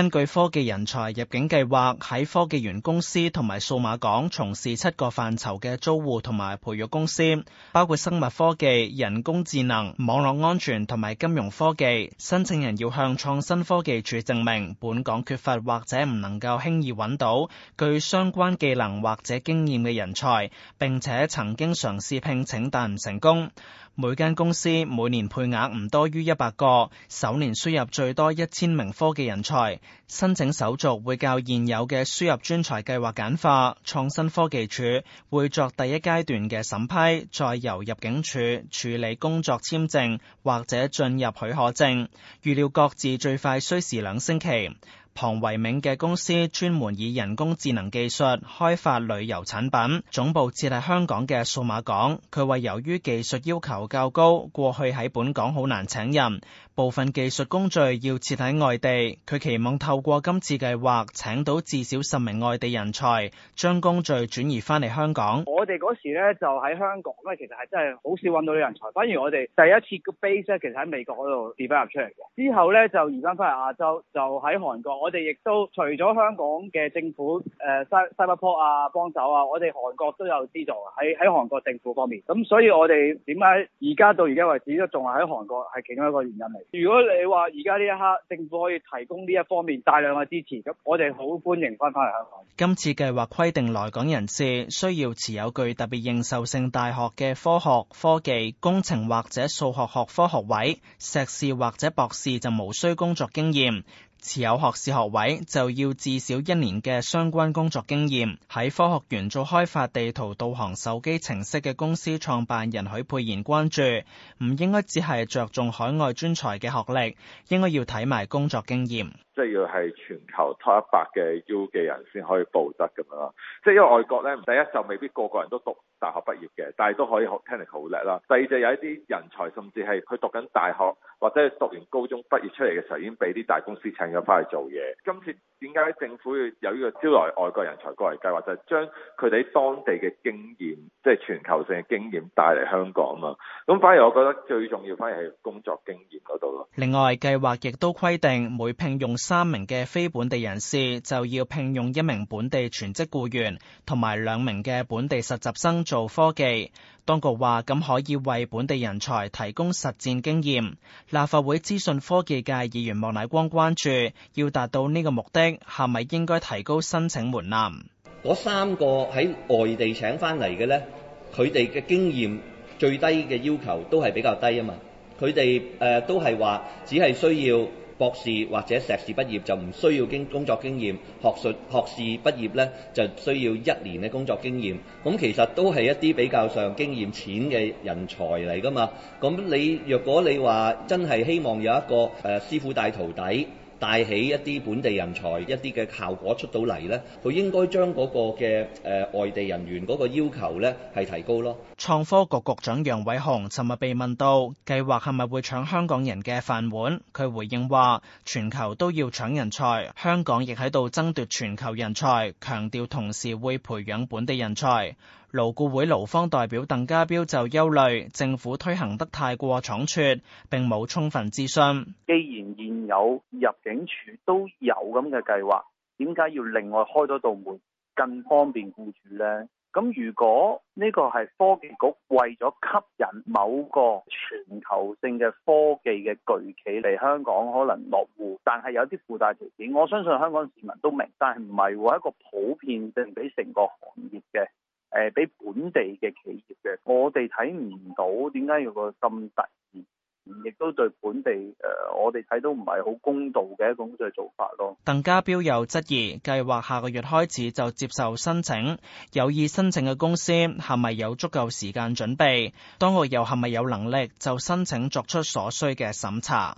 根據科技人才入境計劃，喺科技園公司同埋數碼港從事七個範疇嘅租戶同埋培育公司，包括生物科技、人工智能、網絡安全同埋金融科技。申請人要向創新科技署證明本港缺乏或者唔能夠輕易揾到具相關技能或者經驗嘅人才，並且曾經嘗試聘請但唔成功。每間公司每年配額唔多於一百個，首年輸入最多一千名科技人才。申請手續會較現有嘅輸入專才計劃簡化，創新科技處會作第一階段嘅審批，再由入境處處理工作簽證或者進入許可證。預料各自最快需時兩星期。唐維銘嘅公司專門以人工智能技術開發旅遊產品，總部設喺香港嘅數碼港。佢話由於技術要求較高，過去喺本港好難請人，部分技術工序要設喺外地。佢期望透過今次計劃，請到至少十名外地人才，將工序轉移翻嚟香港。我哋嗰時咧就喺香港，因為其實係真係好少揾到啲人才，反而我哋第一次個 base 咧其實喺美國嗰度 develop 出嚟嘅。之後咧就移翻翻嚟亞洲，就喺韓國我哋亦都除咗香港嘅政府，誒西新加坡啊幫手啊，我哋韓國都有資助喺喺韓國政府方面。咁所以我哋點解而家到而家為止都仲係喺韓國係其中一個原因嚟。如果你話而家呢一刻政府可以提供呢一方面大量嘅支持，咁我哋好歡迎翻返嚟香港。今次計劃規定來港人士需要持有具特別認受性大學嘅科學、科技、工程或者數學學科學位，碩士或者博士就無需工作經驗。持有學士學位，就要至少一年嘅相關工作經驗。喺科學園做開發地圖導航手機程式嘅公司創辦人許佩然關注，唔應該只係着重海外專才嘅學歷，應該要睇埋工作經驗。即係要係全球 top 一百嘅 U 嘅人先可以報質咁樣啦，即係因為外國呢，第一就未必個個人都讀大學畢業嘅，但係都可以學聽得好叻啦。第二就有一啲人才，甚至係佢讀緊大學或者讀完高中畢業出嚟嘅時候，已經俾啲大公司請咗翻去做嘢。今次點解政府要有呢個招來外國人才過嚟計劃，就係將佢哋當地嘅經驗，即係全球性嘅經驗帶嚟香港啊嘛。咁反而我覺得最重要，反而係工作經驗嗰度咯。另外，計劃亦都規定每聘用三名嘅非本地人士就要聘用一名本地全職雇員，同埋兩名嘅本地實習生做科技。當局話咁可以為本地人才提供實戰經驗。立法會資訊科技界議員莫乃光關注，要達到呢個目的，係咪應該提高申請門檻？嗰三個喺外地請翻嚟嘅咧，佢哋嘅經驗最低嘅要求都係比較低啊嘛。佢哋誒都係話只係需要。博士或者碩士畢業就唔需要經工作經驗，學術學士畢業咧就需要一年嘅工作經驗。咁其實都係一啲比較上經驗淺嘅人才嚟噶嘛。咁你若果你話真係希望有一個誒師傅帶徒弟帶起一啲本地人才一啲嘅效果出到嚟呢，佢應該將嗰個嘅誒外地人員嗰個要求呢係提高咯。創科局局長楊偉雄尋日被問到計劃係咪會搶香港人嘅飯碗，佢回應話：全球都要搶人才，香港亦喺度爭奪全球人才，強調同時會培養本地人才。勞僱會勞方代表鄧家彪就憂慮，政府推行得太過倉促，並冇充分諮詢。既然現有入境處都有咁嘅計劃，點解要另外開多道門，更方便僱主呢？咁如果呢個係科技局為咗吸引某個全球性嘅科技嘅巨企嚟香港可能落戶，但係有啲附帶條件，我相信香港市民都明，但係唔係一個普遍性俾成個行業嘅。誒，俾本地嘅企業嘅，我哋睇唔到點解要個咁突然，亦都對本地誒，我哋睇到唔係好公道嘅一個咁嘅做法咯。鄧家彪又質疑，計劃下個月開始就接受申請，有意申請嘅公司係咪有足夠時間準備？當局又係咪有能力就申請作出所需嘅審查？